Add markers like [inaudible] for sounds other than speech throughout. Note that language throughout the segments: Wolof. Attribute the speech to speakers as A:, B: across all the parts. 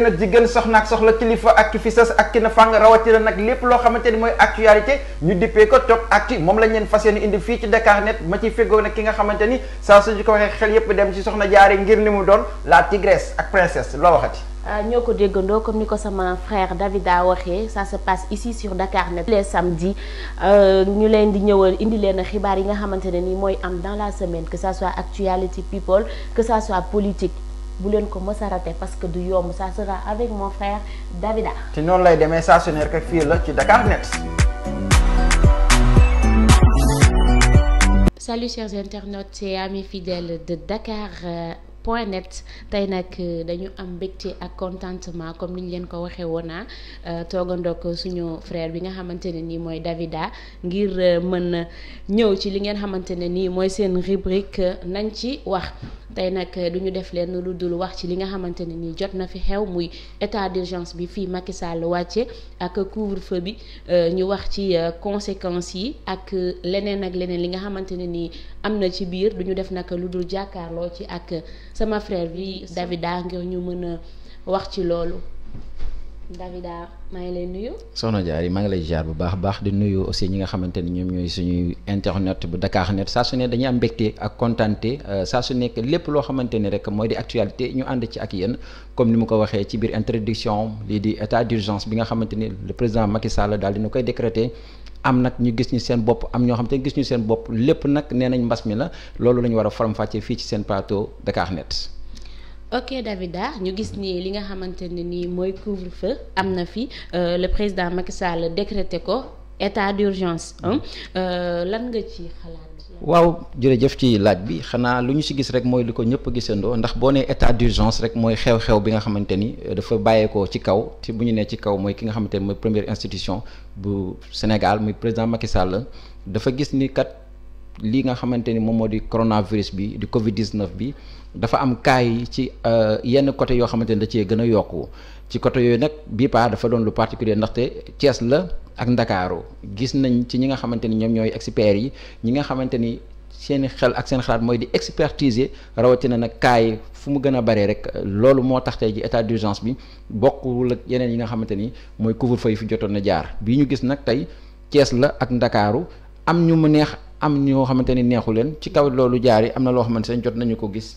A: nag jigéen soxna ak soxla kilifa ak na fàng rawatina loo xamante ni mooy actualité ñu dippee ko top lañ leen fas yéene indi fii ci Dakar net ma ciy xamante ni saa suñu ko waxee xel yépp dem ci soxna jaare ngir ni mu doon la
B: euh, comme ni ko sama frère Davida waxee sa se passe ici sur Dakar Net les samedis euh, ñu leen di ñëwal indi leen xibaar yi nga xamante ne ni mooy am dans la semaine que ça soit actualité people que ça soit politique bu leen ko mës parce que du yomb sa sera avec mon frère Davida.
A: ci noonu lay demee saa su nekk fii la ci Dakar Net.
B: Salut chers internautes et amis fidèles de Dakar. Euh, point net tey nag dañu am mbégte ak contentement comme liñ leen ko waxee woon ah, euh, toogandoog suñu frère bi nga xamante ne nii mooy Davida ngir euh, mën a ñëw ci li ngeen xamante ne nii mooy seen rubrique euh, nañ ci wax tey nag duñu def leen lu dul wax ci li nga xamante ne nii jot na fi xew muy état d'urgence bi fii Macky Sall wàcce ak couvre-feu bi ñu wax ci conséquences yi ak leneen ak leneen li nga xamante ne nii. am na ci biir du ñu def naka lu dul jàkkaarloo ci ak sama frère bi Davida ngir ñu mën a wax ci loolu Davida maa ngi lay nuyu.
A: Soxna Diarry maa ngi lay ziar bu baax baax di nuyu aussi ñi nga xamante ni ñoom ñooy suñuy internet bu Dakar net saa su ne dañuy am mbégte ak kontaante euh, saa su nekk lépp loo xamante ni rek mooy di actualité ñu ànd ci ak yéen comme ni mu ko waxee ci biir introduction lii di état d'urgence bi nga xamante ni président Macky Sall daal dina koy décréter. am nag ñu gis ñu seen bopp am ñoo xam te gis ñu seen bopp lépp nag nee nañ mbas mi la loolu la ñu war a faram-fàccee fii ci seen plateau Dakar Net.
B: ok Davida ñu gis nii li nga xamante ne nii mooy couvre-feu am na fi euh, le président Macky Sall décrété ko état d'urgence euh, lan nga ci xalaat.
A: waaw jërëjëf ci laaj bi xanaa lu ñu si gis rek mooy li ko ñëpp gisandoo ndax boo nee état d'urgence rek mooy xew-xew bi nga xamante ni euh, dafa bàyyeekoo ci kaw ti bu ñu nee ci kaw mooy ki nga xamante ni mooy première institution bu Sénégal muy président Macky Sall dafa gis ni kat li nga xamante ni moom moo di coronavirus bi di Covid 19 bi. dafa am cas yi ci euh, yenn côté yoo xamante ne da cee gën a yokku ci côté yooyu nag bii paa dafa doon lu particulier ndaxte Thiès la ak Ndakaaru gis nañ ci ñi nga xamante ni ñoom ñooy experts yi ñi nga xamante ni seen xel ak seen xalaat mooy di expertiser rawatina nag cas yi fu mu gën a bare rek loolu moo tax tey ji état d'urgence bi bokkul ak yeneen yi nga xamante ni mooy couvre-feu fi jotoon na jaar bii ñu gis nag tey Thiès la ak Ndakaaru am ñu mu neex am ñoo xamante ni neexu leen ci kaw loolu jaar yi am na loo xamante ne jot nañu ko gis.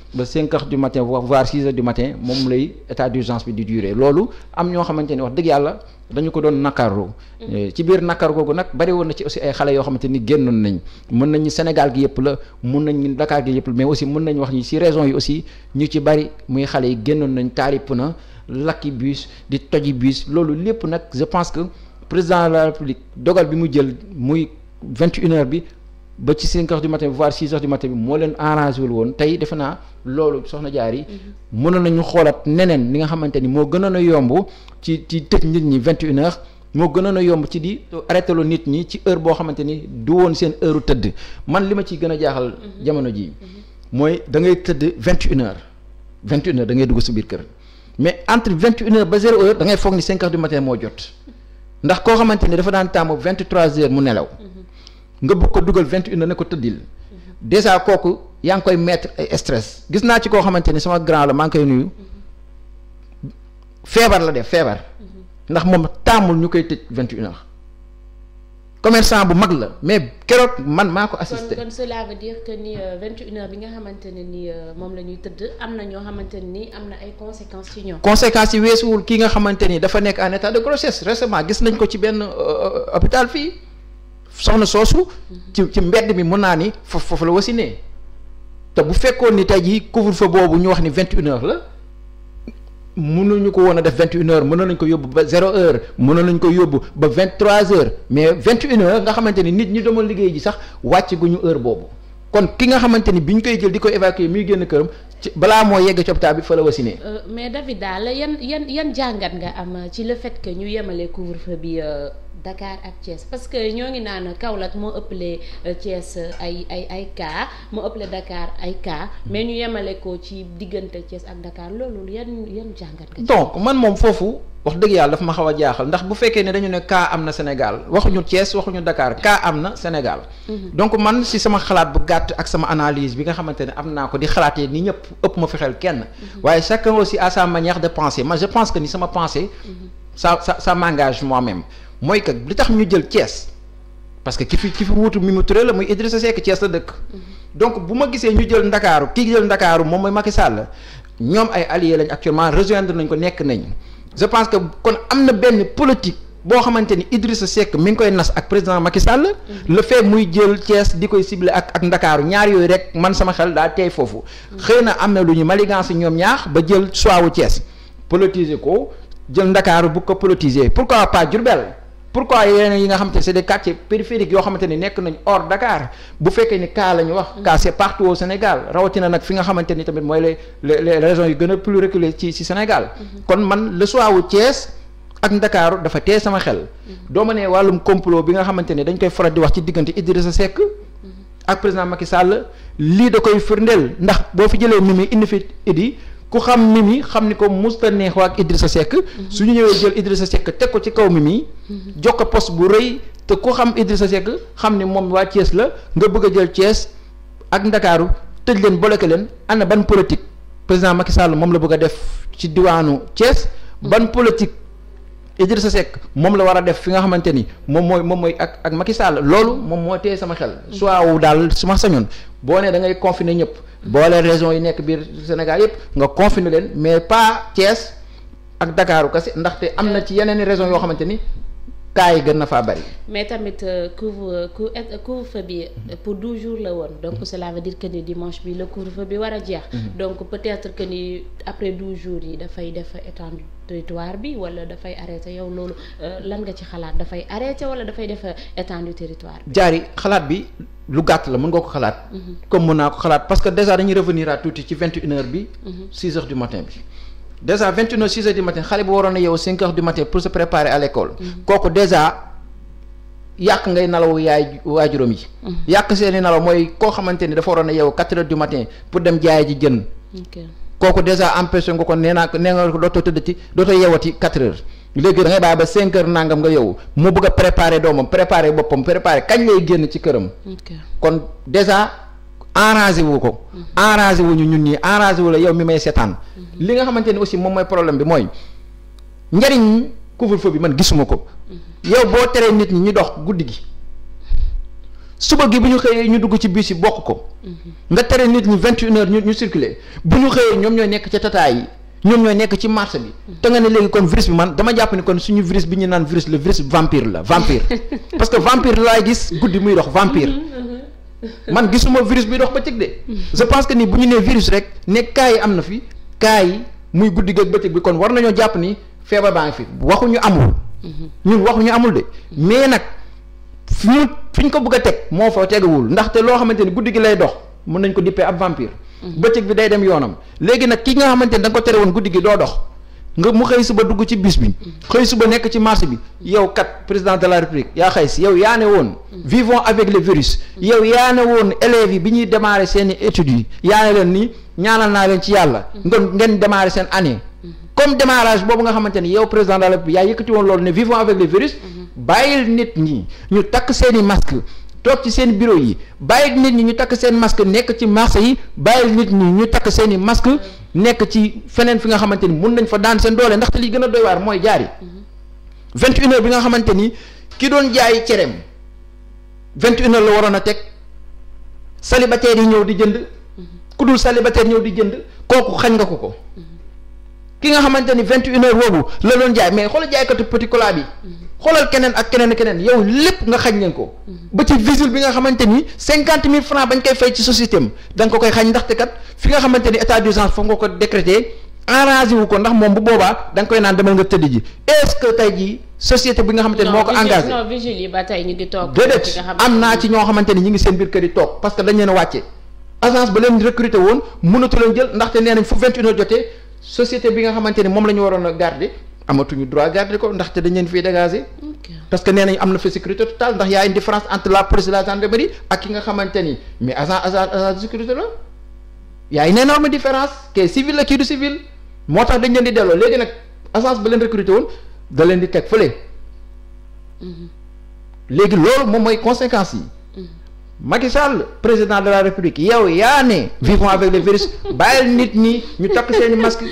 A: ba 5 heures du matin voire 6 heures du matin moom lay état d'urgence bi di durer loolu am ñoo xamante ni wax dëgg yàlla dañu ko doon nakaaroo. Mm-hmm. Eh, ci biir nakaar googu nag bari woon na ci aussi ay xale yoo xamante ni génnoon nañ mën nañu Sénégal gi yëpp la mën nañu Dakar gi yëpp la mais aussi mun nañu wax ni si raison yi aussi ñu ci bari muy xale yi génnoon nañ taarip na lakk lakki bus di toji bus loolu lépp nag je pense que président la République dogal bi mu jël muy 21 heures bi. ba ci cinq heures du matin voire six bi moo leen arrangé wul woon tey defe naa loolu soxna jaar yi mhm. mënoon ñu xoolaat neneen li nga xamante ni moo gënoon a yomb ci ci tëj nit ñi vingt une heures moo gënoon a yomb ci di arrêté loo nit ñi ci heure boo xamante ni du woon seen heure tëdd man li ma ciy gën a jaaxal mhm. jamono ji mhm. mooy da ngay tëdd vingt et une heures vingt et une heures da dugg sa biir kër mais entre vingt et une heures ba zéro heure da ngay foog ni cinq heures du matin moo jot ndax koo xamante ni dafa daan taamu vingt trois heures mu nelaw nga bëgg ko dugal vingt une ne ko tëddil déjà kooku yaa ngi koy mettre ay stress gis naa ci koo xamante ni sama grand la maa ngi koy nuyu feebar la def feebar ndax moom tàmmul ñu koy tëj vingt une heures commerçant bu mag la mais keroot man maa ko assisté kon
B: cela ni euh, vingt bi nga xamante ne ni euh, moom la ñuy tëdd am na ñoo xamante ne ni am na ay conséquences ci ñoom.
A: conséquence yi weesuwul kii nga xamante ni dafa nekk en état de grossesse récemment gis nañ ko ci benn euh, hôpital fii. soxna soosu. ci ci mbedd mi mën naa ni foofu la wasinee te bu fekkoon ni tey jii couvre-feu boobu ñu wax ni vingt une heure la. mënuñu ko woon a def vingt une heures mënoon na ko yóbbu ba zéro heure mënoon nañ ko yóbbu ba vingt trois heures mais vingt une heures nga xamante ni nit ñi demoon liggéey ji sax wàcc gu ñu heure boobu kon ki nga xamante ni bi ñu koy jël di ko évacuer muy génn këram balaa moo yegg ci hôpital bi fa la wasinee.
B: Euh, mais David daal yan yan yan jàngat nga am ci la fait ñu yemale couvre-feu bi. Euh, Dakar ak Thiès parce que ñoo ngi naan Kaolack moo ëppale euh, Thiès euh, ay ay ay cas moo ëpple dakaar ay cas mais ñu yemale ko ci diggante cees ak dakaar loolu yan yan jàngat
A: nga. donc man moom foofu wax dëgg yàlla daf ma xaw a jaaxal ndax bu fekkee ne dañu ne kaa am na Sénégal waxuñu Thiès waxuñu dakaar kaa am na Sénégal. Mhm. donc man si sama xalaat bu gàtt ak sama analyse bi nga xamante ne am naa ko di xalaatee ni ñëpp ëpp ma fi xel kenn. Mhm. waaye chacun aussi à sa manière de penser man je pense que ni sama pensée. Mhm. ça ça ça m'engage moi-même. mooy que li tax ñu jël cees parce que ki fi ki fi wuutu Mimi Touré la muy Idrissa Seck Thiès la dëkk. Mm-hmm. donc bu ma gisee ñu jël ndakaaru kii jël ndakaaru moom mooy Macky Sall ñoom ay alliés lañ actuellement rejoindre nañ ko nekk nañ je pense que kon am na benn politique boo xamante ni Idrissa Seck mi ngi koy nas ak président Macky sàll mm-hmm. le fait muy jël Thiès di koy ciblé ak ak ndakaaru ñaar yooyu rek man sama xel daa tey foofu. Mm-hmm. xëy na am na lu ñu maligance ñoom ñaax ba jël choix wu Thiès politiser ko jël ndakaaru bu ko politiser pourquoi pas pourquoi yeneen yi nga xamante ne c'est des quartiers périphériques yoo xamante ne nekk nañ hors Dakar bu fekkee ni kaa la ñu wax mm. cas c'est partout au Sénégal rawatina nag fi nga xamante ni tamit mooy les les régions yu gën a plus reculées ci ci Sénégal mm-hmm. kon man le choix wu Thiès ak Ndakaaru dafa tee sama xel mm-hmm. doo ma ne wàllum complot bi nga xamante ne dañ koy faral di wax ci diggante Idrissa Seck mm-hmm. ak président Macky Sall lii da koy firndeel ndax boo fi jëlee Mimi indi fi Idi ku xam Mimi xam ni ko musta neexoo ak sa Seck mhm. su ñu ñëwee jël sa Seck teg ko ci kaw mi Mimi mhm. jox ko post bu rëy te ku xam Idrissa Seck xam ni moom waa Thiès la nga bëgg a jël Thiès ak Ndakaaru tëj leen bloqué leen ana ban politique président Macky Sall moom la bëgg a def ci diwaanu Thiès mhm. ban politique sa sekk moom la war a def fi nga xamante ni moom mooy moom mooy ak ak Macky Sall loolu moom moo téye sama xel soit wu daal su ma sañoon boo ne da ngay confiner ñëpp boole régions yi nekk biir Sénégal yëpp nga confiner leen mais pas Thiès ak Dakaaru kese ndaxte am na ci yeneen i régions yoo xamante ni cas yi gën na faa bari.
B: mais tamit euh, couvre euh, euh, couvre-feu bi pour douze jours la woon donc mm-hmm. cela veut dire que ni dimanche bi la couvre-feu bi war a jeex. Mm-hmm. donc peut-être que ni après douze jours yi dafay def étendre territoire bi wala dafay arrêter yow loolu lan nga ci xalaat dafay arrêter wala dafay def étendre territoire bi.
A: jaari xalaat bi lu gàtt la mun nga ko xalaat. Mm-hmm. comme mën naa ko xalaat parce que déjà dañuy revenir à tuuti ci vingt et une heures bi. six heures du bi. déjà vingt et une heures six heures du matin xale bu waroon a yow cinq heures du matin pour se préparer à l'école mm-hmm. kooku déjà yàq ngay nalaw yaay waajuram yi mm-hmm. yàq seeni nalaw mooy koo xamante ni dafa waroon a yow quatre heures du matin pour dem jaay ji jën kooku déjà empêché nga ko nee naa ko nee ko dootoo tëddati dootoo yeewati quatre heures léegi da ngay bàyyi ba cinq heures nangam nga yow mu bëgg a préparer doomam préparer boppam préparer kañ lay génn ci këram kon déjà enragé wu ko. enragé wu ñu ñun ñii enragé wu la yow mi may seetaan. li nga xamante ni aussi moom mooy problème bi mooy njariñ couvre-feu bi man gisuma ko. yow boo teree nit ñi ñu dox guddi gi suba gi bu ñu xëyee ñu dugg ci bus yi bokk ko. nga tere nit ñi vingt et une ñu ñu circuler bu ñu xëyee ñoom ñoo nekk ci tataay yi. ñoom ñoo nekk ci marché bi te nga ne léegi kon virus bi man dama jàpp ni kon suñu virus bi ñu naan virus le virus vampire la vampire [laughs] parce que vampire laay gis guddi muy dox vampire man gisuma virus bi dox bëccëg de. je pense que ni bu ñu nee virus rek ne cas yi am na fi cas yi muy guddi géeg bëccëg bi kon war nañoo jàpp ni feebar baa ngi fi waxuñu amul. ñun waxuñu amul de mais nag fi ñu fi ñu ko bëgg a teg moo fa tegawul ndaxte loo xamante ni guddi gi lay dox mën nañ ko dippee ab vampire. Mm-hmm. bëccëg bi day dem yoonam léegi nag ki nga xamante ni da nga ko tere woon guddi gi doo dox. nga mu xëy suba dugg ci bis bi xëy suba nekk ci marché bi yow kat président de la république yaa xëy si yow yaa ne woon vivons avec le virus yow yaa ne woon élèves yi bi ñuy démarrer seen études yi yaa ne leen nii ñaanal naa leen ci yàlla nga ngeen démarrer seen année comme démarrage boobu nga xamante ni yow président de la république yaa yëkkati woon loolu ne vivons avec le virus bàyyil nit ñi ñu takk seeni i masque toog ci seen bureau yi bàyyil nit ñi ñu takk seen masque nekk ci marché yi bàyyil nit takk seen i masque nekk ci feneen fi nga xamante ni mun nañ fa daan seen doole ndaxte li gën a doy waar mooy jaari vingt une bi nga xamante ni ki doon jaay cereem vingt une la waroon a teg célibataire yi ñëw di jënd ku dul célibataire ñëw di jënd kooku xañ nga ko ko ki nga xamante ni vingt une heure boobu la doon jaay mais xoolal jaaykatu petit cola bi xoolal keneen ak keneen keneen yow lépp nga xañ leen ko ba ci visile bi nga xamante ni cinquante mille francs bañ koy fay ci société am ko koy xañ ndaxte kat fi nga xamante ni état d'urgence foofu nga ko décréter arrangé wu ko ndax moom bu boobaa da koy naan demal nga tëdd ji est-ce que tey jii société bi nga xamante ni ñu ngi seen biir kër yi toog parce que dañ leen wàcce nee nañ fu 21 heures jotee bi nga xamante ni moom la ñu waroon a garder amatuñu droit garder ko ndaxte dañ leen fiy dégager parce que nee nañ am na fi sécurité totale ndax y a une différence entre la police et la gendarmerie ak ki nga xamante mais agent agent agent la y a une énorme différence kii civil la kii du civil moo tax dañ leen di delloo léegi nag agence ba leen recruter woon da leen di teg fële mm-hmm. léegi loolu moom mooy conséquence yi mm-hmm. Macky Sall président de la République yow yaa ne vivons avec le virus bàyyil nit ñi ñu takk seeni masque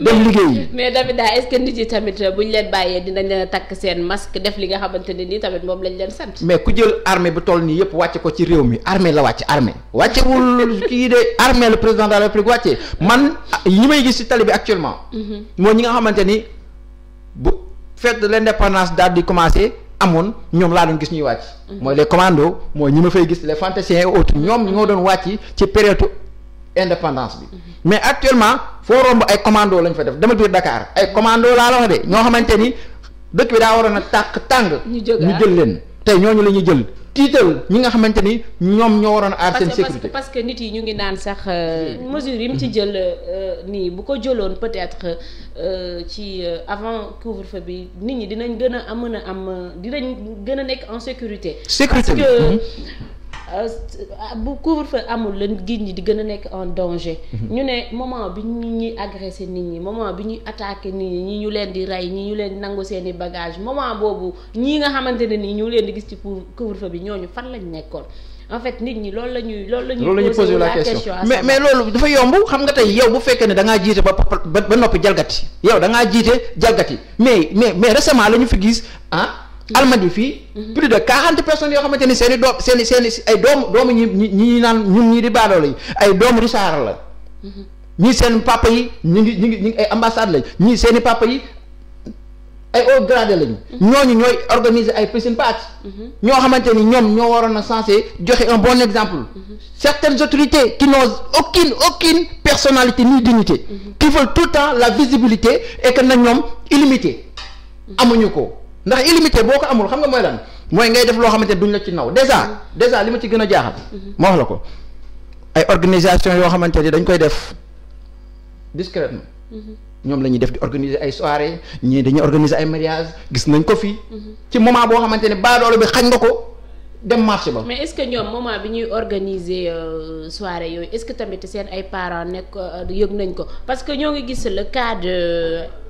A: dem liggéeyi.
B: mais David daa ah, est-ce que nit yi tamit bu ñu leen bàyyee dinañ leen takk seen masque def li nga xamante ne nii tamit moom lañ leen sant.
A: mais ku jël armée bu toll nii yëpp wàcce ko ci réew mi armée la wàcc armée wàccewul [laughs] kii de armée le président de la wàcce man ñi may gis ci tali bi actuellement. Mhm. mooy ñi nga xamante ni bu fête de l'indépendance daal di commencer. amoon ñoom laa doon gis ñuy wàcc mhm. mooy les commando mooy ñu ma fay gis le fantassins et autres ñoom ñoo doon wàcc ci période indépendance bi mais actuellement foo romb ay commando lañ fa def dama biir dakaar ay commando laa la wax de ñoo xamante ni dëkk bi daa waroon a tàkk tàng ñu ah. jël leen tey ñooñu la ñuy jël tiital ñi nga xamante ni ñoom ñoo waroon aar seen sécurité
B: parce que nit yi ñu ngi naan sax euh, mesure yi mu ci jël euh, nii bu ko jëloon peut-être euh, ci avant couvre-feu bi nit ñi dinañ gën a mën a am dinañ gën a nekk en sécurité sécurité parce Euh, bu couvre-feu amul la nit ñi di gën a nekk en danger. Mhm. ñu ne moment bi ñu ñuy agressé nit ñi moment bi ñu attaqué nit ñi ñu leen di rey ñu ñu leen di nangu seen bagage moment boobu ñii nga xamante ne nii ñu leen di gis ci couvre-feu bi ñooñu fan lañ nekkoon. en fait nit ñi loolu la ñuy loolu la ñuy. loolu la ñuy posé la question mais mais
A: loolu dafa yomb xam nga tey yow bu fekkee ne da ngaa jiite ba ba noppi jalgati yow da ngaa jiite jalgati mais mais mais récemment la ñu fi gis ah. almadi fii. Mhm. plus de quarante personnes yoo xamante ni seen i doom seen i seen i ay doomu doomu ñi ñi ñi naan ñun ñii di baadoolo yi ay doomu Richard la. Mhm. ñii seen papa yi ñu ngi ñu ngi ñu ay ambassade lañ ñii seen i yi ay haut gradé lañu. Mhm. ñooñu ñooy organiser ay piscine party. ñoo xamante ni ñoom ñoo waroon a censé joxe un bon exemple. certaines autorités qui n'ont aucune aucune personnalité ni dignité. qui veulent tout temps la visibilité et que na ñoom illimité. amuñu ko. ndax illimité boo ko amul xam nga mooy lan mooy ngay def loo xamante duñ la ci naw déjà mm. déjà li ma ci gën a jaaxal mm-hmm. ma wax la ko ay organisation yoo xamante ni dañ koy def discrètement mm-hmm. ñoom la ñuy def di organiser ay soirée ñii dañuy organiser ay mariage gis nañ ko fii mm-hmm. ci moment boo xamante ne baadoolo bi xañ nga ko dem marché ba. mais
B: est-ce que ñoom moment bi ñuy organiser euh, soirée yooyu est-ce que tamit seen ay parents nekk euh, yëg nañ ko parce que ñoo ngi gis le cas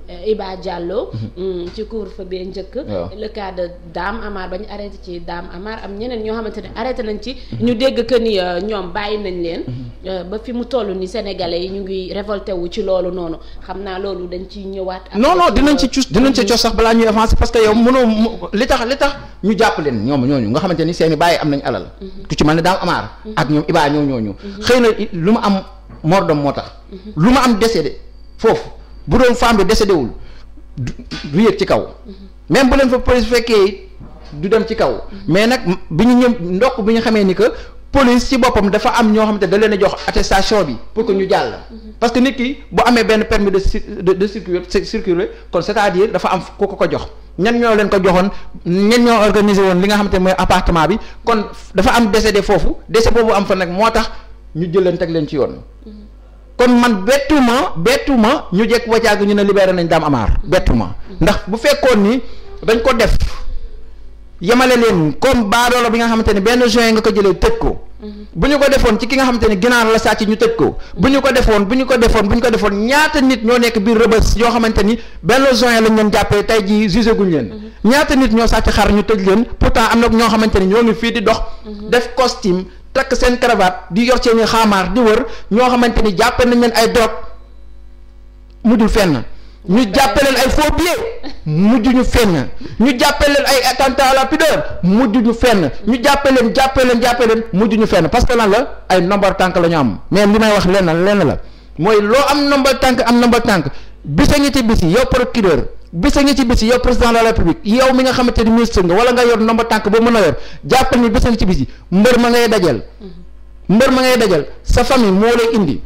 B: Euh, Iba Diallo. Mhm. Mm, ci couvre bee njëkk. le cas de Dame Amar ba ñu ci daam Amar am ñeneen ñoo xamante ne arrêté nañ ci. Mhm. ñu dégg que ni euh, ñoom bàyyi nañ leen. Mhm. Euh, ba fi mu toll ni sénégalais yi ñu ngi révolté wu ci loolu noonu xam naa loolu dañ ciy ñëwaat. non
A: non dinañ ci cus dinañ ci cos sax balaa ñuy avancer parce que yow mënoo li tax li tax ñu jàpp leen ñoom ñooñu nga xamante ni seeni bàyyi am nañ alal. ku ci mel ne amaar Amar. ak ñoom Iba ñoo ñooñu. xëy na lu ma am mordom moo tax. lu ma am décédé foofu. bu doon femme bi décédé wul du yëg ci kaw même bu leen fa police fekkee du dem ci kaw mais nag bi ñu ñëm ndox bi ñu xamee ni que police ci boppam dafa am ñoo xamante da leen a jox attestation bi pour ko ñu jàll parce que nit ki bu amee benn permis de de de circuler kon c'est-à-dire dafa am ku ko ko jox ñan ñoo leen ko joxoon ñan ñoo organiser woon li nga xam te mooy appartement bi kon dafa am décédé foofu décès boobu am fa nag moo tax ñu jël teg leen ci yoon kon man bettuma bettuma ñu jekk wacaag ñu ne libéré nañ daam amaar bettuma ndax bu fekkoon ni dañ ko def yemale leen comme baadoola bi nga xamante ne benn join nga ko jëlee tëj ko mhm. bu ñu ko defoon ci ki nga xamante ne ginaar la sàcc ñu tëj ko bu ñu ko defoon bu ñu ko defoon bu ñu ko defoon ñaata nit ñoo nekk biir rëbës yoo xamante ni benn juin lañ leen jàppee tey jii jugé guñ leen mhm. ñaata nit ñoo sàcc xar ñu tëj leen pourtant am na ñoo xamante ni ñoo ngi fii di dox mhm. def costume takk seen cravate di yor seeni xaamaar di wër ñoo xamante ni jàppe nañ leen ay drogue mujjul fenn ñu jàppe leen mujj ñu fenn ñu jàppe ay attentat à la ñu fenn ñu jàppe leen jàppe leen jàppe leen mujj ñu fenn parce que lan la ay nombre tànk la ñu am mais li may wax lenn lenn la mooy loo am nombre tànk am nombre tànk bisa ngi ci bisi yow procureur bés a ci bis yi yow président la république yow mi nga xamante ni ministre nga wala nga yor ndomba tànk boo mën a yor jàppal ni bés a ngi ci bis yi mbër ma ngay dajal mm-hmm. mbër ma ngay dajal sa famille moo lay indi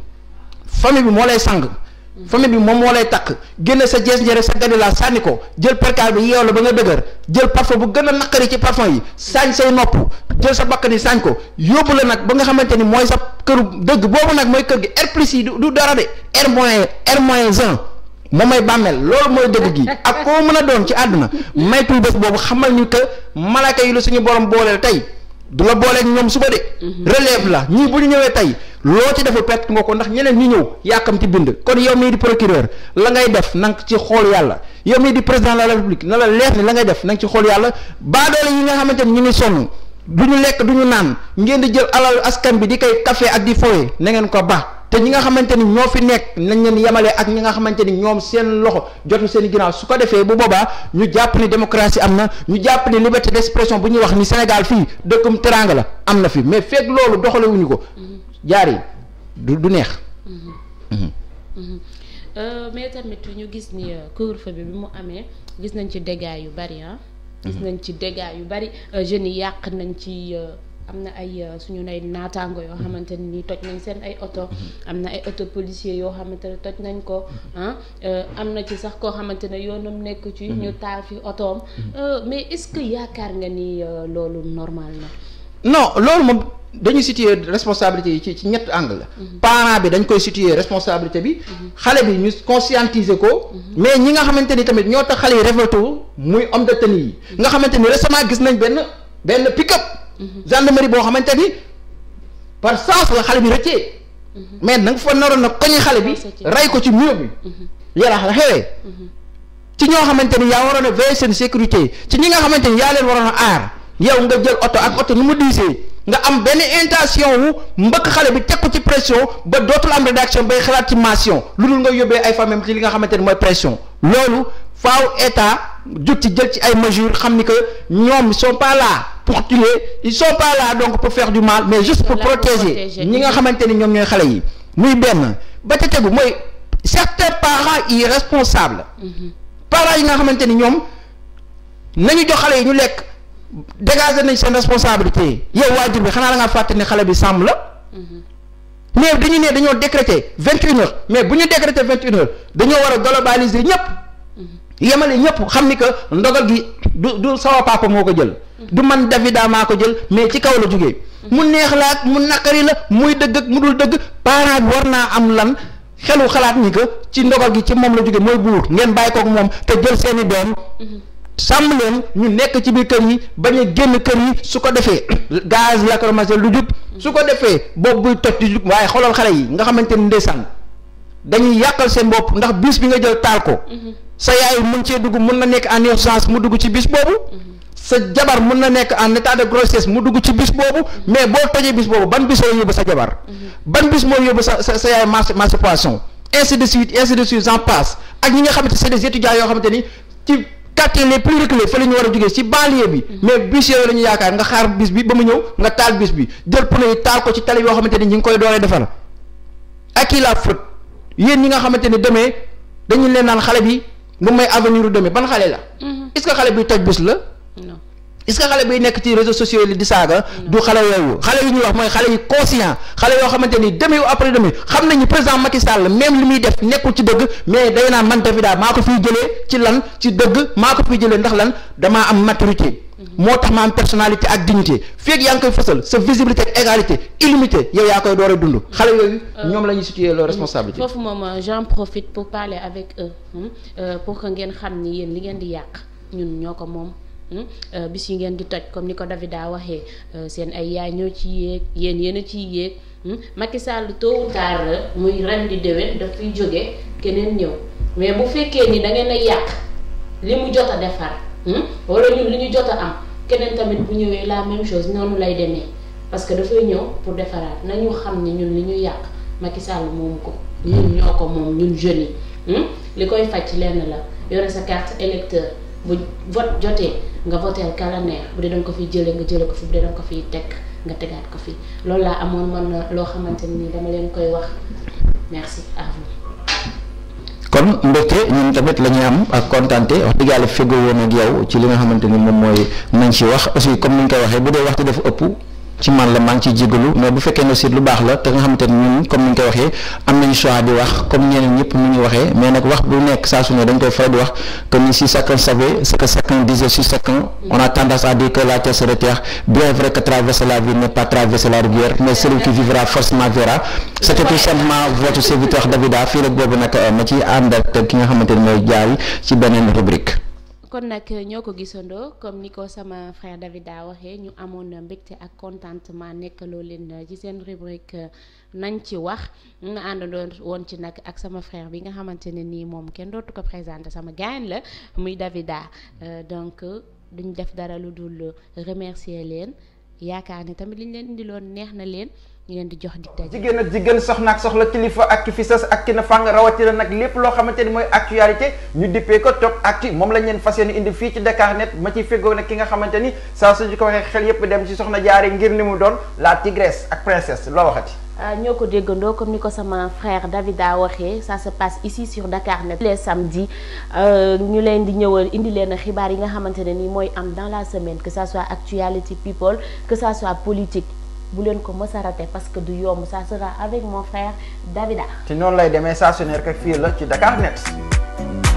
A: famille bi moo lay sang mm-hmm. famille bi moom moo lay takk génne sa jees njëre sa gadi laa sànni ko jël perkaal bi yeew la ba nga dëgër jël parfum bu gën a naqari ci parfum yi saañ say nopp jël sa bakkan yi saañ ko yóbbu la nag ba nga xamante ni mooy sa këru dëgg boobu nag mooy kër gi R plus yi du dara de R moyen R moom may bàmmeel loolu mooy dëgg gi ak koo mën a doon ci àdduna maytul bés boobu xamal ñu que malaka yi la suñu borom booleel tey du la booleeg ñoom suba de. Mhm. relève la ñii bu ñu ñëwee tey loo ci deful perte nga ko ndax ñeneen ñu ñëw yàkkamti bind kon yow mii di procureur la ngay def na ci xool yàlla yow mii di président de la république na la leer ni la ngay def na ci xool yàlla baadoole yi nga xamante ni ñu ngi sonn du ñu lekk du ñu naan ngeen di jël alal askan bi di koy café ak di foyee na ngeen ko ba te ñi nga xamante ni ñoo fi nekk nañ leen yemale ak ñi nga xamante ni ñoom seen loxo jotu seen ginnaaw su ko defee bu boobaa ñu jàpp ni démocratie am na ñu jàpp ni liberté d'expression bu ñuy wax ni Sénégal fii dëkkum teranga la am na fi mais fekk loolu doxalewuñu ko jaar yi du du neex
B: euh, mais tamit ñu gis ni euh, couvre bi bi mu amee gis nañ ci dégâts yu bari gis mhm. nañ ci dégâts yu bari euh, jeunes yi yàq nañ ci am na ay euh, suñu nay naataango yoo xamante ne nii toj nañ seen ay oto am na ay oto policier yoo xamante ne toj nañ ko ah euh, am na ci sax koo xamante ne yoonam nekk ci mhm. ñu taal fi otoom mhm. euh, mais est-ce que yaakaar nga ni loolu normal na
A: non loolu moom dañu situer responsabilité yi ci ci ñett angle la mhm. parent bi dañ koy situer responsabilité bi xale bi ñu conscientiser ko mais ñi nga xamante ni tamit ñoo tax xale yi révolté muy om de tenue yi nga xamante ni récemment gis nañ benn benn pick gendarmerie boo xamante ni par chance la xale bi rëccee. Mhm. mais nag nga fa naroon na koñi xale bi. rey ko ci mur bi. Mhm. yaraax la xewee. Mhm. ci ñoo xamante ni yaa waroon a veiller seen sécurité ci ñi nga xamante ni yaa leen waroon a aar yow nga jël oto ak oto nu mu diisee nga am benn intention wu mbëkk xale bi teg ko ci pression ba dootul am rédaction bay xalaat ci mention lu dul nga yóbbee ay famille ci li nga xamante ni mooy pression loolu faaw état jug ci jël ci ay mesures xam ni que ñoom sont pas là pour tuer ils sont pas là donc pour faire du mal mais juste pour protéger ñi nga xamante ni ñoom ñooy xale yi muy benn ba ca tegu mooy certains parents irresponsables mhm. parents yi nga xamante ni ñoom ñu jox xale yi ñu lekk dégager nañ seen responsabilité yow waajur bi xanaa da ngaa fàtte ne xale bi sàmm la mhm. mais dañu nee dañoo décréter vingt une heures mais bu ñu décréter vingt une heures dañoo war a globaliser ñëpp yemale ñëpp xam ni que ndogal gi du du sama papa moo ko jël. du man daa maa ko jël mais ci kaw la jógee. mu neex la ak mu naqari la muy dëgg ak mu dul dëgg parent bi war naa am lan xelu xalaat ni que ci ndogal gi ci moom la jógee mooy buur ngeen bàyyi kook moom te jël seeni doom. sàmm leen ñu nekk ci biir kër yi ba a génn kër yi su ko defee gaz lacrymogène du jub. su ko defee boobu buy toj di jub waaye xoolal xale yi nga xamante ni ndeysaan dañuy yàqal seen bopp ndax bis bi nga jël taal sa yaay mën cee dugg mën na nekk en urgence mu dugg ci bis boobu sa jabar mën na nekk en état de grossesse mu dugg ci bis boobu mais boo tojee bis boobu ban bis moo yóbbu sa jabar ban bis moo yóbbu sa sa sa yaay marché marché poisson ainsi de suite ainsi de suite j'en passe ak ñi nga xamante c'est des étudiants yoo xamante ni ci quartier les plus reculés fa ñu war a jógee ci banlieue bi mais bis yooyu la ñu yaakaar nga xaar bis bi ba mu ñëw nga taal bis bi jël xamante ni ñi ngi koy dooree defar ak kii la faute yéen ñi nga xamante ni demee xale bi moom may avenir u demain ban xale la. Mhm. est-ce que xale buy toj bus la. non xale buy nekk ci réseaux sociaux yi di saaga. du xale yooyu xale yu ñuy wax mooy xale yu conscient xale yoo xamante ni demain ou après demain xam nañu président Macky Sall même li muy def nekkul ci dëgg mais day naan man Davida maa ko fiy jëlee ci lan ci dëgg maa ko fiy jëlee ndax lan dama am maturité. moo tax ma am personnalité ak dignité fekk yaa ngi koy fësal sa visibilité ak égalité illimité yow yaa koy door a dund xale yooyu euh, ñoom la ñuy situer leur euh, responsabilité foofu
B: moom euh, j'en profite pour parler avec hmm, pour que ngeen xam ni yéen li ngeen di yàq ñun ñoo ko moom hmm, bis yi ngeen di toj comme ni ko daa waxee seen ay yaay ñoo ci yéeg yéen yéen ci ciy yéeg hmm. Macky Sall tôt ou tard la muy ren di déwén daf fiy jóge keneen ñëw mais bu fekkee ni da ngeen Hmm? wala ñun li ñu jot am keneen tamit bu ñëwee la même chose noonu lay demee parce que dafay ñëw pour defaraat nañu xam ne ñun li ñu yàq Macky Sall moomu ko ñun ñoo ko moom ñun jeunes yi hmm? li koy faj lenn la yore sa carte électeur bu vote jotee nga voteel kala neex bu dee danga ko fi jëlee nga jëlee ko fi bu dee danga ko fi teg nga tegaat ko fi loolu laa amoon man loo xamante nii dama leen koy wax merci à
A: kon mbégte ñun tamit la ñuy am ak kontante wax dëgg yàlla woon ak yow ci li nga xamante ni moom mooy nañ ci wax aussi comme ni ñu koy waxee bu dee waxtu dafa ëpp. ci man la maa ngi ciy jégalu mais bu fekkee ne aussi lu baax la te nga xamante ne ñun comme ni ñu koy waxee am nañu choix di wax comme ñeneen ñëpp ñu ngi waxee mais nag wax bu nekk saa su ne dañ koy faral di wax que ni si chacun savait ce que chacun disait sur chacun on a tendance à dire que la terre serait terre bien vrai que traverser la ville n'est pas traverser la rivière mais celui qui vivra forcément verra c'était tout simplement votre serviteur Davida fii rek boobu nag ma ci ànd ak ki nga xamante ne mooy jaay ci beneen rubrique
B: kon nag ñoo ko gisandoo comme ni ko sama frère David daa waxee ñu amoon mbégte ak contentement nekkaloo leen ci seen rubrique nañ ci wax nga àndandoo woon ci nag ak sama frère bi nga xamante ne nii moom kenn dootu ko présenté sama gain la muy Davida euh, donc duñ def dara lu dul remercier leen yaakaar ne tamit liñ leen indiloon neex na leen ñu jox dig daje
A: jigéen ak jigéen soxna ak soxla kilifa ak ki fi sas ak ki na fàng rawatina nag lépp loo xamante ni mooy actualité ñu dippee ko top actu moom lañ leen fas yéene indi fii ci Dakar net ma ciy feggoog nag ki nga xamante ni saa su ñu ko waxee xel yépp dem ci soxna jaare ngir ni mu doon la tigresse ak princesse loo waxati
C: ah,
B: ñoo ko déggandoo comme ni ko sama frère Davida waxee ça se passe ici sur Dakar Net les samedis euh, ñu leen di ñëwal indi leen xibaar yi nga xamante ne ni mooy am dans la semaine que ça soit actualité people que bu leen ko mës a parce que du yomb ça sera avec mon frère Davida.
A: ci noonu lay demee saa su nekk fii la ci Dakar Net.